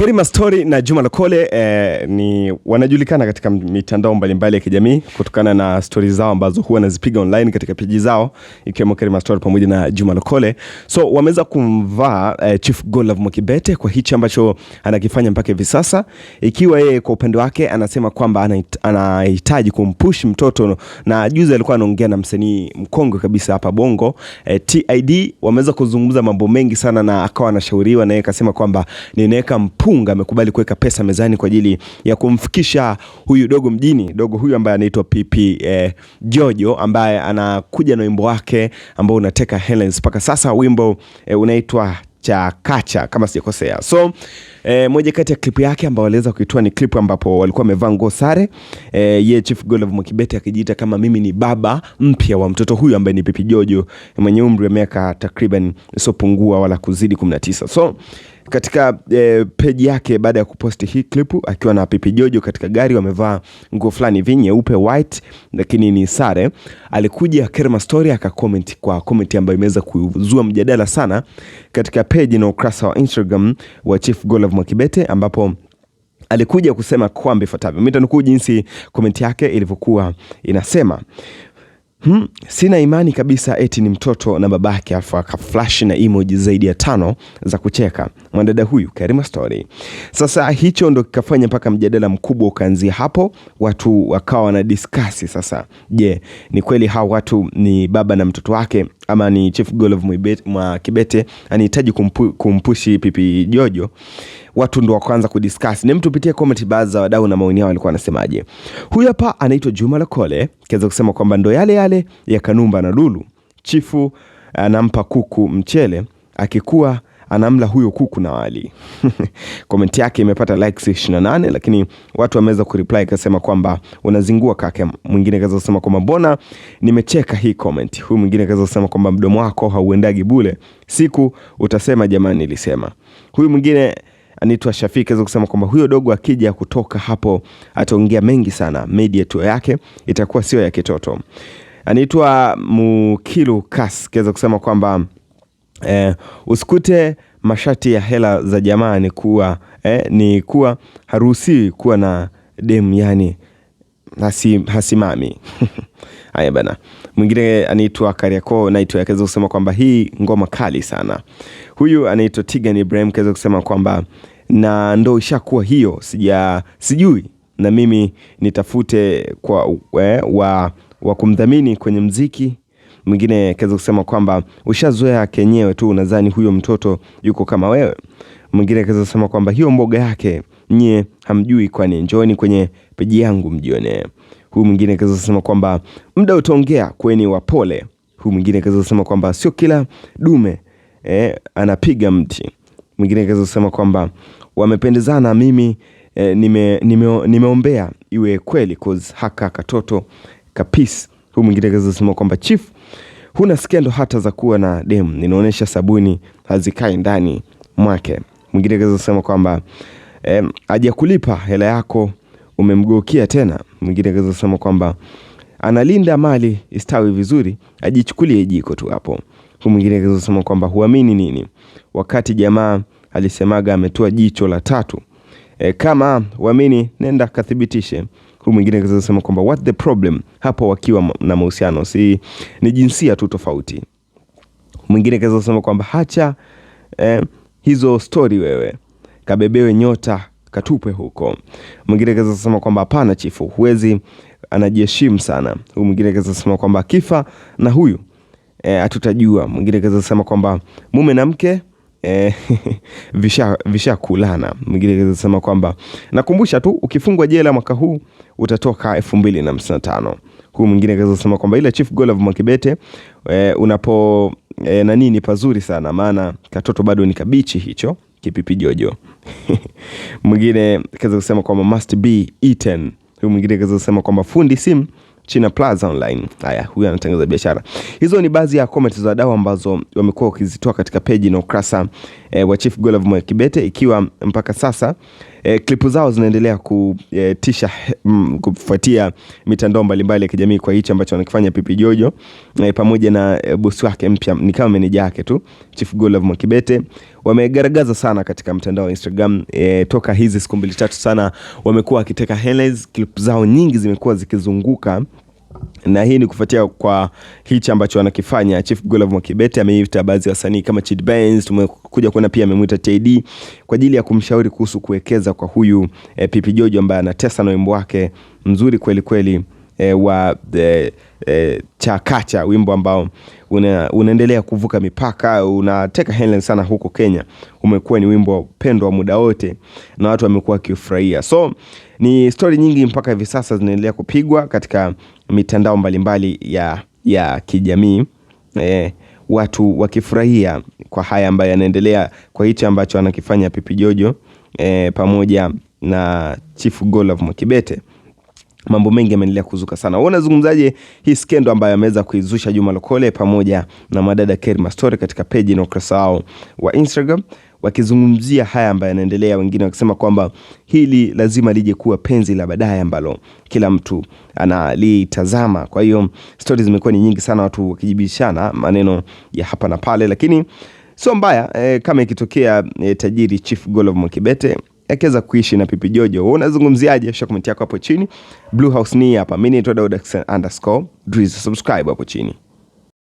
Kerima Story na Juma Lokole eh, ni wanajulikana katika mitandao mbalimbali ya kijamii kutokana na stori zao ambazo huwa wanazipiga online katika peji zao ikiwemo Kerima Story pamoja na Juma Lokole. So wameweza kumvaa eh, Chief Godlove Mwakibete kwa hichi ambacho anakifanya mpaka hivi sasa, ikiwa yeye kwa upande wake anasema kwamba anahitaji kumpush mtoto, na juzi alikuwa anaongea na msanii mkongwe kabisa hapa Bongo eh, TID. Wameweza kuzungumza mambo mengi sana na akawa anashauriwa na yeye akasema kwamba ninaweka mpush Mpunga amekubali kuweka pesa mezani kwa ajili ya kumfikisha huyu dogo mjini, dogo huyu ambaye anaitwa Pipi eh, Jojo ambaye anakuja na wimbo wake ambao unateka headlines mpaka sasa. Wimbo eh, unaitwa cha kacha kama sijakosea. So e, moja kati ya klipu yake ambayo waliweza kuitoa ni klipu ambapo walikuwa wamevaa nguo sare e, ye Chief Godlove Mwakibete akijiita kama mimi ni baba mpya wa mtoto huyu ambaye ni Pipi Jojo mwenye umri wa miaka takriban isopungua wala kuzidi 19. So katika e, peji yake baada ya kuposti hii klipu akiwa na Pipi Jojo katika gari, wamevaa nguo fulani hivi nyeupe white, lakini ni sare. Alikuja Kerma Story akakomenti kwa komenti ambayo imeweza kuzua mjadala sana katika peji na ukurasa wa Instagram wa Chief Godlove Mwakibete ambapo alikuja kusema kwamba ifuatavyo. Mimi nitanukuu jinsi komenti yake ilivyokuwa inasema. Hmm, sina imani kabisa eti ni mtoto na babake alafu akaflash na emoji zaidi ya tano za kucheka mwanadada huyu Karima Story. Sasa hicho ndo kikafanya mpaka mjadala mkubwa ukaanzia hapo, watu wakawa discuss sasa, je, yeah, ni kweli hao watu ni baba na mtoto wake ama ni chief goal of kibete anahitaji kumpu, kumpushi Pipi Jojo, watu ndo wakwanza kudiscuss. Ni mtu pitia comment baadhi za wadau na maoni yao walikuwa wanasemaje. Huyu hapa anaitwa Juma Lokole kiweza kusema kwamba ndo yale yale ya Kanumba na Lulu, chifu anampa kuku mchele akikuwa anamla huyo kuku na wali. Komenti yake imepata likes 28 lakini watu wameweza kureply kasema kwamba unazingua kake. Mwingine kaza kusema kwamba mbona nimecheka hii comment. Huyu mwingine kaza kusema kwamba mdomo wako hauendagi bule, siku utasema jamani nilisema. Huyu mwingine anaitwa Shafiki kaza kusema kwamba huyo dogo akija kutoka hapo ataongea mengi sana, media tour yake itakuwa sio ya kitoto. Anaitwa Mukilu Kas kaza kusema kwamba eh, usikute mashati ya hela za jamaa ni kuwa eh, ni kuwa haruhusiwi kuwa na dem yani hasi, hasimami haya bana. Mwingine anaitwa Kariakoo naitwa akaweza kusema kwamba hii ngoma kali sana. Huyu anaitwa Tigan Ibrahim kaweza kusema kwamba na ndo ishakuwa hiyo, sija sijui na mimi nitafute kwa we, eh, wa, wa kumdhamini kwenye mziki mwingine kaweza kusema kwamba ushazoea kenyewe tu, unadhani huyo mtoto yuko kama wewe. Mwingine kaweza kusema kwamba hiyo mboga yake nye hamjui, kwani njoni kwenye peji yangu mjione. Huyu mwingine kaweza kusema kwamba muda utaongea, kweni wapole. Huyu mwingine kaweza kusema kwamba sio kila dume eh, anapiga mti. Mwingine kaweza kusema kwamba wamependezana, mimi eh, nime, nime, nimeombea iwe kweli cause haka katoto kapisi Huyu mwingine kaza sema kwamba chief, huna skendo hata za kuwa na dem, inaonyesha sabuni hazikai ndani mwake. Mwingine kaza sema kwamba eh, ajakulipa hela yako umemgeukia tena. Mwingine kaza sema kwamba analinda mali istawi vizuri, ajichukulie jiko tu hapo. Huyu mwingine kaza sema kwamba huamini nini wakati jamaa alisemaga ametoa jicho la tatu. E, kama huamini nenda kathibitishe huyu mwingine angeweza kwamba what the problem hapo, wakiwa na mahusiano si ni jinsia tu tofauti. Mwingine angeweza kusema kwamba hacha eh, hizo stori wewe, kabebewe nyota katupe huko. Mwingine angeweza kusema kwamba hapana chifu, huwezi, anajiheshimu sana. Huyu mwingine angeweza kusema kwamba kifa na huyu eh, hatutajua. atutajua. mwingine angeweza kusema kwamba mume na mke eh, vishakulana visha. Mwingine kasema kwamba nakumbusha tu ukifungwa jela mwaka huu utatoka elfu mbili na hamsini na tano. Huyu mwingine sema kwamba ile Chief of Mwakibete eh, unapo eh, na nini pazuri sana maana katoto bado ni kabichi hicho kipipi jojo. mwingine kaza kusema kwamba must be eaten. Huyu mwingine kaza kusema kwamba fundi simu China Plaza Online. Haya, huyu anatangaza biashara. Hizo ni baadhi ya comments za wadau ambazo wamekuwa wakizitoa katika peji na ukurasa e, wa Chief Godlove Moyo Kibete, ikiwa mpaka sasa e, eh, klipu zao zinaendelea kutisha eh, mm, kufuatia mitandao mbalimbali ya kijamii kwa hicho ambacho anakifanya Pipi Jojo e, pamoja na e, bosi wake mpya ni kama meneja yake tu Chief Godlove Moyo Kibete wamegaragaza sana katika mtandao wa Instagram e, toka hizi siku mbili tatu sana wamekuwa wakiteka headlines. Klipu zao nyingi zimekuwa zikizunguka na hii ni kufuatia kwa hichi ambacho anakifanya Chief Godlove Mwakibete. Ameita baadhi ya wasanii kama Chid Benz, tumekuja kuona pia amemwita TD kwa ajili ya kumshauri kuhusu kuwekeza kwa huyu e, eh, Pipi Jojo ambaye anatesa na wimbo wake mzuri kweli kweli, e, wa e, e, cha Kacha, wimbo ambao una, unaendelea kuvuka mipaka, unateka headline sana huko Kenya. Umekuwa ni wimbo pendwa muda wote na watu wamekuwa wakifurahia. So ni stori nyingi mpaka hivi sasa zinaendelea kupigwa katika mitandao mbalimbali ya, ya kijamii e, watu wakifurahia kwa haya ambayo yanaendelea, kwa hichi ambacho anakifanya Pipi Jojo e, pamoja na Chief Godlove Mwakibete mambo mengi yameendelea kuzuka sana. Wewe unazungumzaje hii skendo ambayo ameweza kuizusha Juma Lokole pamoja na madada Kerry Mastori katika peji na ukurasa wao wa Instagram wakizungumzia haya ambayo yanaendelea, wengine wakisema kwamba hili lazima lije kuwa penzi la baadaye ambalo kila mtu analitazama. Kwa hiyo stori zimekuwa ni nyingi sana, watu wakijibishana maneno ya hapa na pale, lakini sio mbaya e, kama ikitokea e, tajiri Chief Golov Mwakibete akiweza kuishi na Pipi Jojo. Wewe unazungumziaje? Acha comment yako hapo chini. Blue House ni hapa. Mimi ni Todd subscribe hapo chini.